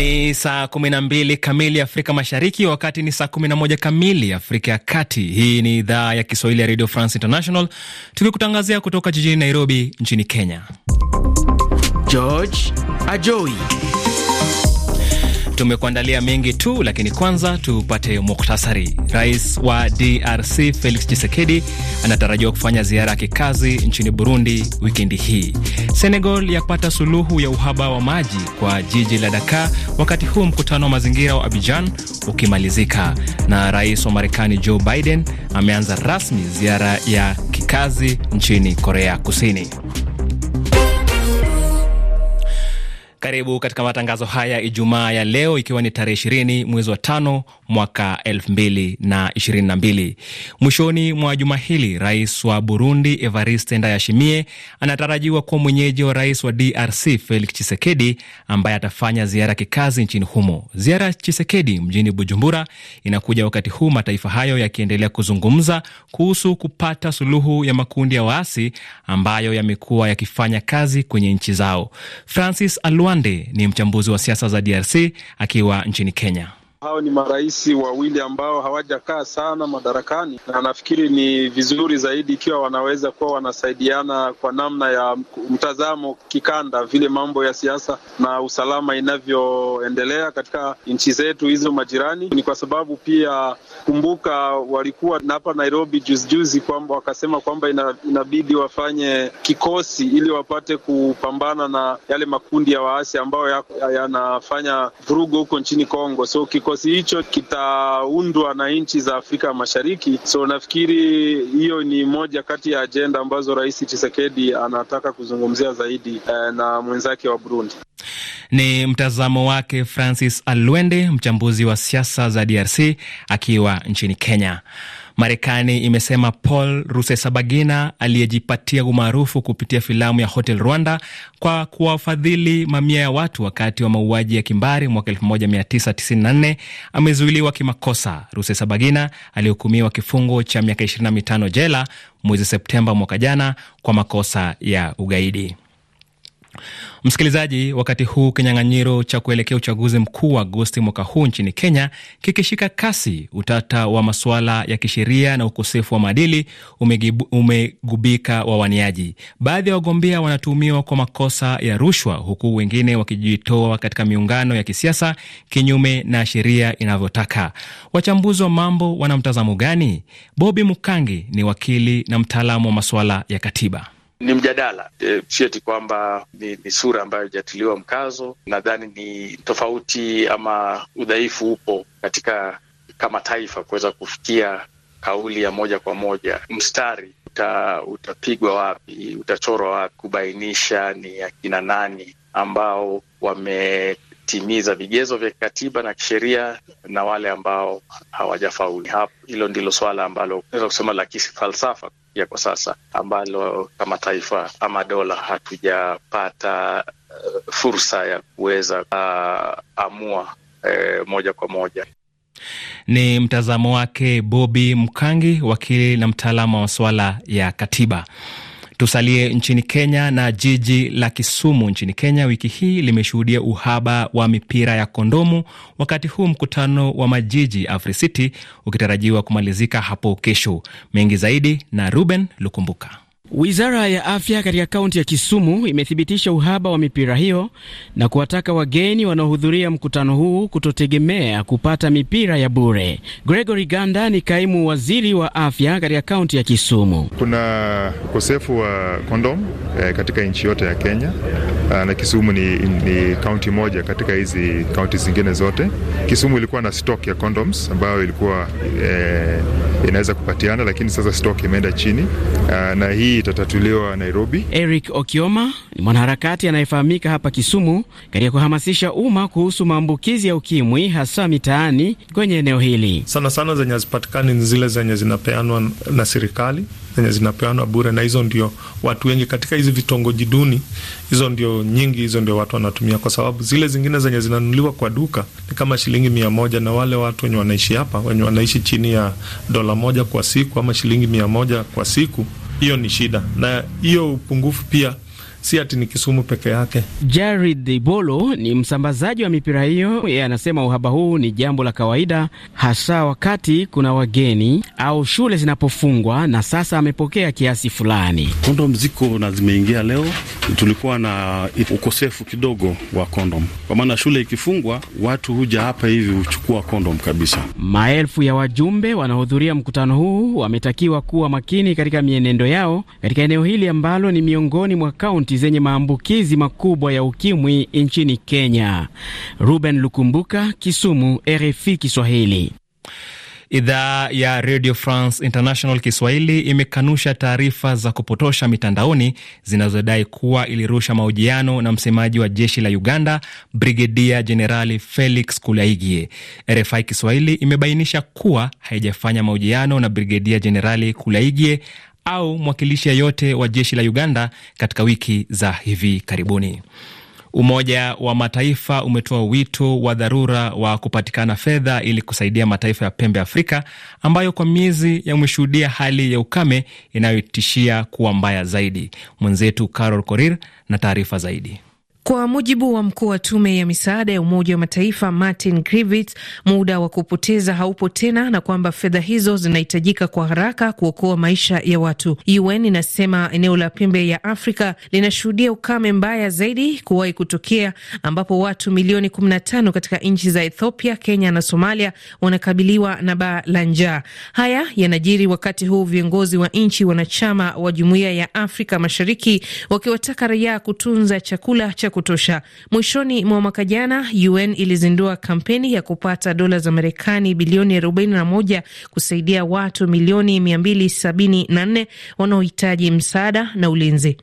Ni saa 12 kamili Afrika Mashariki, wakati ni saa 11 kamili Afrika ya Kati. Hii ni idhaa ya Kiswahili ya Radio France International, tukikutangazia kutoka jijini Nairobi nchini Kenya. George Ajoi Tumekuandalia mengi tu, lakini kwanza tupate muktasari. Rais wa DRC Felix Tshisekedi anatarajiwa kufanya ziara ya kikazi nchini Burundi wikendi hii. Senegal yapata suluhu ya uhaba wa maji kwa jiji la Dakar, wakati huu mkutano wa mazingira wa Abidjan ukimalizika. Na rais wa Marekani Joe Biden ameanza rasmi ziara ya kikazi nchini Korea Kusini. Karibu katika matangazo haya Ijumaa ya leo, ikiwa ni tarehe ishirini mwezi wa tano mwaka elfu mbili na ishirini na mbili. Mwishoni mwa juma hili rais wa Burundi Evariste ndayashimie anatarajiwa kuwa mwenyeji wa rais wa DRC Felix chisekedi ambaye atafanya ziara kikazi nchini humo. Ziara ya mjini Bujumbura inakuja wakati huu mataifa hayo yakiendelea kuzungumza kuhusu kupata suluhu ya makundi ya waasi ambayo yamekuwa yakifanya kazi kwenye nchi zao. Francis Alua Mwande ni mchambuzi wa siasa za DRC akiwa nchini Kenya hao ni marais wawili ambao hawajakaa sana madarakani, na nafikiri ni vizuri zaidi ikiwa wanaweza kuwa wanasaidiana kwa namna ya mtazamo kikanda, vile mambo ya siasa na usalama inavyoendelea katika nchi zetu hizo majirani. Ni kwa sababu pia, kumbuka, walikuwa hapa Nairobi juzijuzi kwamba wakasema kwamba inabidi wafanye kikosi ili wapate kupambana na yale makundi ya waasi ambayo yanafanya ya vurugo huko nchini Kongo. So kiko Kikosi hicho kitaundwa na nchi za Afrika Mashariki, so nafikiri hiyo ni moja kati ya ajenda ambazo Rais chisekedi anataka kuzungumzia zaidi eh, na mwenzake wa Burundi. Ni mtazamo wake Francis Alwende, mchambuzi wa siasa za DRC akiwa nchini Kenya. Marekani imesema Paul Rusesabagina aliyejipatia umaarufu kupitia filamu ya Hotel Rwanda kwa kuwafadhili mamia ya watu wakati wa mauaji ya kimbari mwaka 1994 amezuiliwa kimakosa. Rusesabagina alihukumiwa kifungo cha miaka 25 jela mwezi Septemba mwaka jana kwa makosa ya ugaidi. Msikilizaji, wakati huu kinyang'anyiro cha kuelekea uchaguzi mkuu wa Agosti mwaka huu nchini Kenya kikishika kasi, utata wa masuala ya kisheria na ukosefu wa maadili umegubika wawaniaji. Baadhi ya wagombea wanatuhumiwa kwa makosa ya rushwa, huku wengine wakijitoa katika miungano ya kisiasa kinyume na sheria inavyotaka. Wachambuzi wa mambo wana mtazamo gani? Bobi Mukangi ni wakili na mtaalamu wa masuala ya katiba ni mjadala e, sieti kwamba ni, ni sura ambayo ijatiliwa mkazo. Nadhani ni tofauti ama udhaifu upo katika kama taifa kuweza kufikia kauli ya moja kwa moja, mstari uta, utapigwa wapi, utachorwa wapi, kubainisha ni akina nani ambao wame kutimiza vigezo vya kikatiba na kisheria na wale ambao hawajafauli. Hapo hilo ndilo swala ambalo naweza kusema la kifalsafa ya kwa sasa ambalo kama taifa ama dola hatujapata uh, fursa ya kuweza uh, amua uh, moja kwa moja. Ni mtazamo wake Bobi Mkangi, wakili na mtaalamu wa masuala ya katiba. Tusalie nchini Kenya na jiji la Kisumu nchini Kenya wiki hii limeshuhudia uhaba wa mipira ya kondomu, wakati huu mkutano wa majiji AfriCity ukitarajiwa kumalizika hapo kesho. Mengi zaidi na Ruben Lukumbuka. Wizara ya afya katika kaunti ya Kisumu imethibitisha uhaba wa mipira hiyo na kuwataka wageni wanaohudhuria mkutano huu kutotegemea kupata mipira ya bure. Gregory Ganda ni kaimu waziri wa afya katika kaunti ya Kisumu. Kuna ukosefu wa kondom eh, katika nchi yote ya Kenya Ah, na Kisumu ni, ni kaunti moja katika hizi kaunti zingine zote. Kisumu ilikuwa na stock ya condoms ambayo ilikuwa eh, inaweza kupatiana, lakini sasa stock imeenda chini uh, na hii itatatuliwa Nairobi. Eric Okioma ni mwanaharakati anayefahamika hapa Kisumu katika kuhamasisha umma kuhusu maambukizi ya ukimwi hasa mitaani kwenye eneo hili. Sana sana zenye hazipatikani ni zile zenye zinapeanwa na serikali zenye zinapeanwa bure, na hizo ndio watu wengi katika hizi vitongoji duni, hizo ndio nyingi, hizo ndio watu wanatumia, kwa sababu zile zingine zenye zinanunuliwa kwa duka ni kama shilingi mia moja, na wale watu wenye wanaishi hapa, wenye wanaishi chini ya dola moja kwa siku ama shilingi mia moja kwa siku, hiyo ni shida, na hiyo upungufu pia si ati ni Kisumu peke yake. Jared Ibolo ni msambazaji wa mipira hiyo. Yeye anasema uhaba huu ni jambo la kawaida, hasa wakati kuna wageni au shule zinapofungwa, na sasa amepokea kiasi fulani. Kondom ziko na zimeingia leo. Tulikuwa na ukosefu kidogo wa kondom, kwa maana shule ikifungwa watu huja hapa hivi huchukua kondom kabisa. Maelfu ya wajumbe wanaohudhuria mkutano huu wametakiwa kuwa makini katika mienendo yao katika eneo hili ambalo ni miongoni mwa kaunti kaunti zenye maambukizi makubwa ya ukimwi nchini Kenya. Ruben Lukumbuka, Kisumu, RFI Kiswahili. Idhaa ya Radio France International Kiswahili imekanusha taarifa za kupotosha mitandaoni zinazodai kuwa ilirusha mahojiano na msemaji wa jeshi la Uganda, Brigedia Jenerali Felix Kulaigie. RFI Kiswahili imebainisha kuwa haijafanya mahojiano na Brigedia Jenerali Kulaigie au mwakilishi yeyote wa jeshi la Uganda katika wiki za hivi karibuni. Umoja wa Mataifa umetoa wito wa dharura wa kupatikana fedha ili kusaidia mataifa ya pembe Afrika ambayo kwa miezi yameshuhudia hali ya ukame inayotishia kuwa mbaya zaidi. Mwenzetu Carol Korir na taarifa zaidi. Kwa mujibu wa mkuu wa tume ya misaada ya Umoja wa Mataifa Martin Griffiths, muda wa kupoteza haupo tena na kwamba fedha hizo zinahitajika kwa haraka kuokoa maisha ya watu. UN inasema eneo la pembe ya Afrika linashuhudia ukame mbaya zaidi kuwahi kutokea, ambapo watu milioni 15 katika nchi za Ethiopia, Kenya na Somalia wanakabiliwa na baa la njaa. Haya yanajiri wakati huu viongozi wa nchi wanachama wa Jumuiya ya Afrika Mashariki wakiwataka raia kutunza chakula cha kutosha. Mwishoni mwa mwaka jana, UN ilizindua kampeni ya kupata dola za Marekani bilioni 41 kusaidia watu milioni 274 wanaohitaji msaada na ulinzi.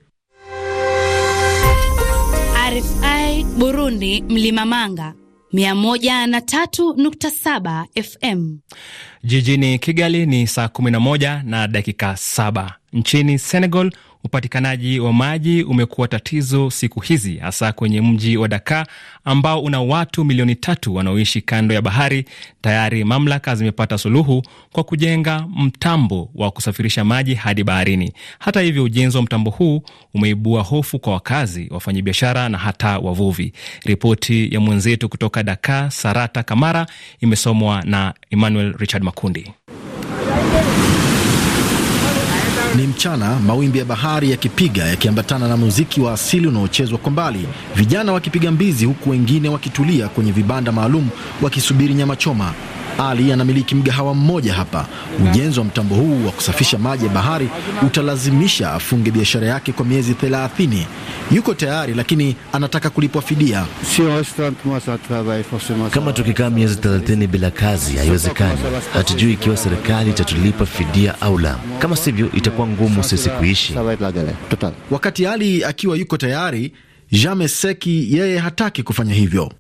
RFI Burundi, manga 103.7 FM. Jijini Kigali ni saa 11 na dakika 7. Nchini Senegal Upatikanaji wa maji umekuwa tatizo siku hizi, hasa kwenye mji wa Daka ambao una watu milioni tatu wanaoishi kando ya bahari. Tayari mamlaka zimepata suluhu kwa kujenga mtambo wa kusafirisha maji hadi baharini. Hata hivyo, ujenzi wa mtambo huu umeibua hofu kwa wakazi, wafanyabiashara na hata wavuvi. Ripoti ya mwenzetu kutoka Daka, Sarata Kamara, imesomwa na Emmanuel Richard Makundi. Ni mchana, mawimbi ya bahari yakipiga yakiambatana na muziki wa asili unaochezwa kwa mbali, vijana wakipiga mbizi, huku wengine wakitulia kwenye vibanda maalum wakisubiri nyama choma. Ali anamiliki mgahawa mmoja hapa. Ujenzi wa mtambo huu wa kusafisha maji ya bahari utalazimisha afunge biashara yake kwa miezi thelathini. Yuko tayari lakini anataka kulipwa fidia. Kama tukikaa miezi thelathini bila kazi, haiwezekani. Hatujui ikiwa serikali itatulipa fidia au la, kama sivyo itakuwa ngumu sisi kuishi. Wakati Ali akiwa yuko tayari jameseki Seki yeye hataki kufanya hivyo.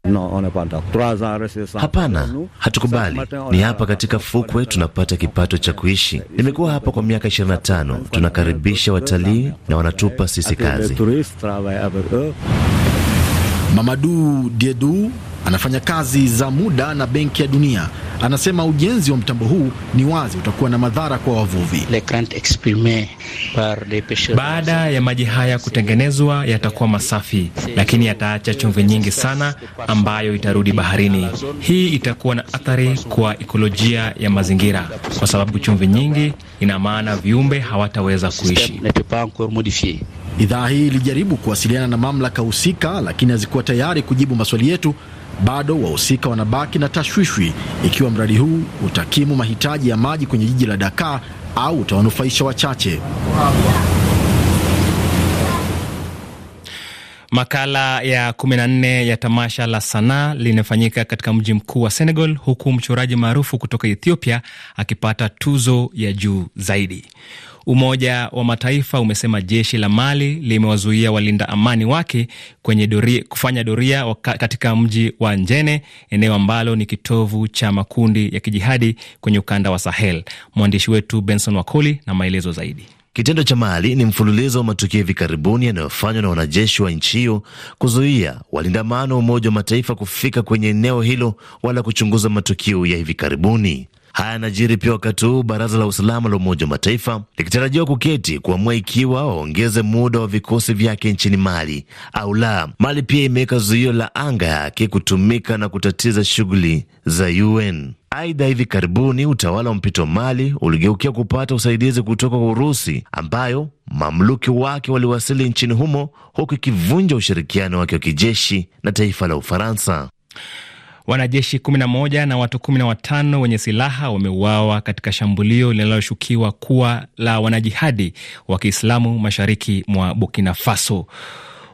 Hapana, hatukubali. Ni hapa katika fukwe tunapata kipato cha kuishi. Nimekuwa hapa kwa miaka 25. Tunakaribisha watalii na wanatupa sisi kazi. Mamadu Diedu anafanya kazi za muda na Benki ya Dunia. Anasema ujenzi wa mtambo huu ni wazi utakuwa na madhara kwa wavuvi. Baada ya maji haya kutengenezwa, yatakuwa masafi, lakini yataacha chumvi nyingi sana ambayo itarudi baharini. Hii itakuwa na athari kwa ikolojia ya mazingira, kwa sababu chumvi nyingi ina maana viumbe hawataweza kuishi. Idhaa hii ilijaribu kuwasiliana na mamlaka husika, lakini hazikuwa tayari kujibu maswali yetu bado wahusika wanabaki na tashwishwi ikiwa mradi huu utakimu mahitaji ya maji kwenye jiji la Dakar au utawanufaisha wachache. Makala ya 14 ya tamasha la sanaa linafanyika katika mji mkuu wa Senegal, huku mchoraji maarufu kutoka Ethiopia akipata tuzo ya juu zaidi. Umoja wa Mataifa umesema jeshi la Mali limewazuia walinda amani wake kwenye doria, kufanya doria katika mji wa Njene, eneo ambalo ni kitovu cha makundi ya kijihadi kwenye ukanda wa Sahel. Mwandishi wetu Benson Wakoli na maelezo zaidi. Kitendo cha Mali ni mfululizo wa matukio hivi karibuni yanayofanywa na wanajeshi wa nchi hiyo kuzuia walindamano wa Umoja wa Mataifa kufika kwenye eneo hilo wala kuchunguza matukio ya hivi karibuni. Haya yanajiri pia wakati huu baraza la usalama la Umoja wa Mataifa likitarajiwa kuketi kuamua ikiwa waongeze muda wa vikosi vyake nchini Mali au la. Mali pia imeweka zuio la anga yake kutumika na kutatiza shughuli za UN. Aidha, hivi karibuni utawala wa mpito Mali uligeukia kupata usaidizi kutoka kwa Urusi ambayo mamluki wake waliwasili nchini humo, huku ikivunja ushirikiano wake wa kijeshi na taifa la Ufaransa. Wanajeshi 11 na watu 15 wenye silaha wameuawa katika shambulio linaloshukiwa kuwa la wanajihadi wa Kiislamu mashariki mwa Burkina Faso.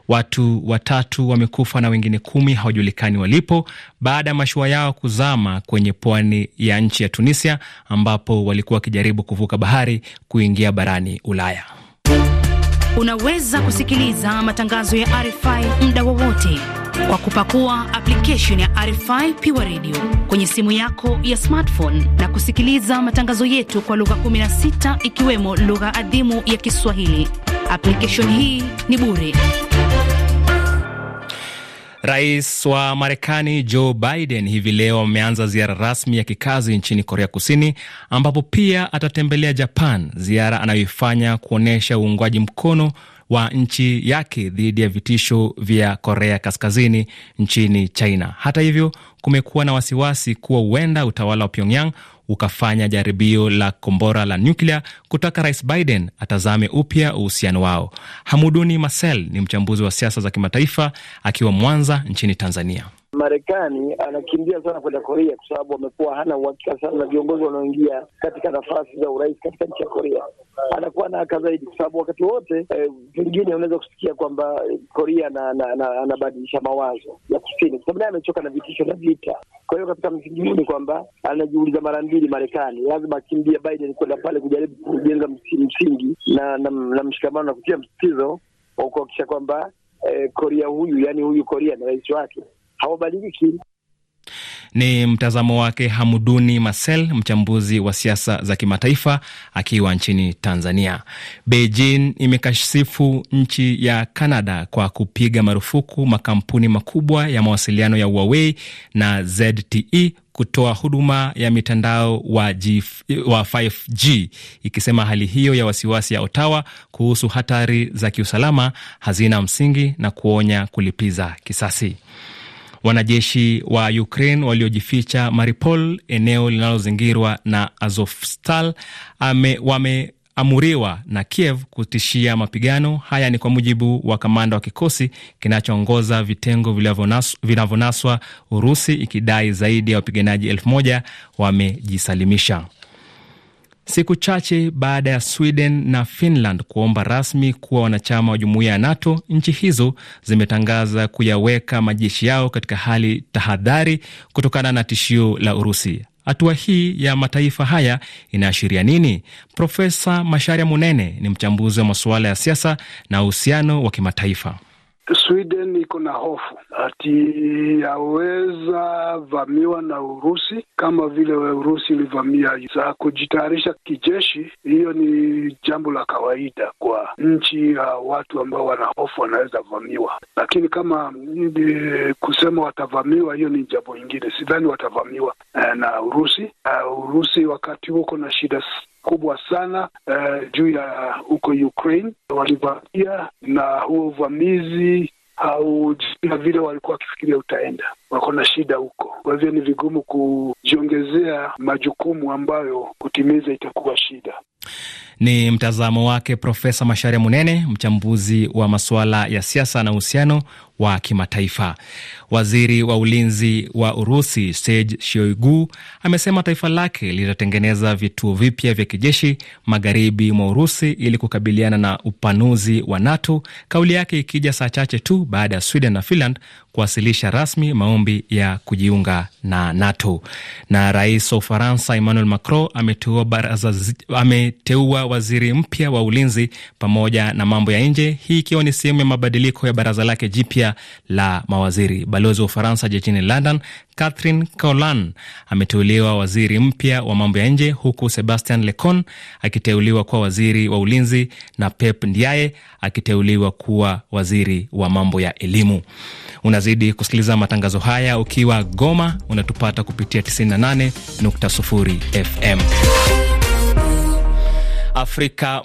Watu watatu wamekufa na wengine kumi hawajulikani walipo baada ya mashua yao kuzama kwenye pwani ya nchi ya Tunisia, ambapo walikuwa wakijaribu kuvuka bahari kuingia barani Ulaya. Unaweza kusikiliza matangazo ya RFI muda wowote kwa kupakua application ya RFI Pure Radio kwenye simu yako ya smartphone na kusikiliza matangazo yetu kwa lugha 16 ikiwemo lugha adhimu ya Kiswahili. Application hii ni bure. Rais wa Marekani Joe Biden hivi leo ameanza ziara rasmi ya kikazi nchini Korea Kusini, ambapo pia atatembelea Japan, ziara anayoifanya kuonyesha uungwaji mkono wa nchi yake dhidi ya vitisho vya Korea Kaskazini nchini China. Hata hivyo, kumekuwa na wasiwasi kuwa huenda utawala wa Pyongyang ukafanya jaribio la kombora la nyuklia kutaka Rais Biden atazame upya uhusiano wao. Hamuduni Marcel ni mchambuzi wa siasa za kimataifa akiwa Mwanza nchini Tanzania. Marekani anakimbia sana kwenda Korea kwa sababu amekuwa hana uhakika sana na viongozi wanaoingia katika nafasi za urais katika nchi ya Korea, anakuwa na haka zaidi kwa sababu wakati wote pengine eh, unaweza kusikia kwamba Korea anabadilisha mawazo ya kusini, kwa sababu naye amechoka na vitisho na vita. Kwa hiyo katika msingi huu ni kwamba anajiuliza mara mbili, Marekani lazima akimbia Biden kwenda pale kujaribu kujenga msingi na, na, na mshikamano na kutia msitizo wa kuhakikisha kwamba eh, Korea huyu, yani huyu Korea na rais wake hawabadiliki. Ni mtazamo wake Hamuduni Marcel, mchambuzi wa siasa za kimataifa akiwa nchini Tanzania. Beijing imekashifu nchi ya Canada kwa kupiga marufuku makampuni makubwa ya mawasiliano ya Huawei na ZTE kutoa huduma ya mitandao wa, wa 5G ikisema hali hiyo ya wasiwasi ya Ottawa kuhusu hatari za kiusalama hazina msingi na kuonya kulipiza kisasi. Wanajeshi wa Ukraine waliojificha Mariupol, eneo linalozingirwa na Azovstal, wameamuriwa na Kiev kutishia mapigano. Haya ni kwa mujibu wa kamanda wa kikosi kinachoongoza vitengo vinavyonaswa Urusi, ikidai zaidi ya wapiganaji elfu moja wamejisalimisha siku chache baada ya Sweden na Finland kuomba rasmi kuwa wanachama wa jumuiya ya NATO, nchi hizo zimetangaza kuyaweka majeshi yao katika hali tahadhari kutokana na tishio la Urusi. Hatua hii ya mataifa haya inaashiria nini? Profesa Masharia Munene ni mchambuzi wa masuala ya siasa na uhusiano wa kimataifa. Sweden iko na hofu ati yaweza vamiwa na Urusi kama vile Urusi ilivamia. Za kujitayarisha kijeshi, hiyo ni jambo la kawaida kwa nchi ya watu ambao wana hofu wanaweza vamiwa, lakini kama e, kusema watavamiwa, hiyo ni jambo ingine. Sidhani watavamiwa eh, na Urusi. Ah, Urusi wakati huko na shida kubwa sana uh, juu ya huko Ukraine walivamia, na huo uvamizi au na vile walikuwa wakifikiria utaenda, wako na shida huko. Kwa hivyo ni vigumu kujiongezea majukumu ambayo kutimiza itakuwa shida. Ni mtazamo wake Profesa Masharia Munene, mchambuzi wa masuala ya siasa na uhusiano wa kimataifa. Waziri wa ulinzi wa Urusi Sergei Shoigu amesema taifa lake litatengeneza vituo vipya vya kijeshi magharibi mwa Urusi ili kukabiliana na upanuzi wa NATO, kauli yake ikija saa chache tu baada ya Sweden na Finland kuwasilisha rasmi maombi ya kujiunga na NATO. Na rais wa Ufaransa Emmanuel Macron ameteua baraza, ameteua waziri mpya wa ulinzi pamoja na mambo ya nje, hii ikiwa ni sehemu ya mabadiliko ya baraza lake jipya la mawaziri. Balozi wa Ufaransa jijini London Catherine Colan ameteuliwa waziri mpya wa mambo ya nje huku Sebastian Lecon akiteuliwa kuwa waziri wa ulinzi na Pep Ndiaye akiteuliwa kuwa waziri wa mambo ya elimu. Unazidi kusikiliza matangazo haya ukiwa Goma, unatupata kupitia 98.0 FM Afrika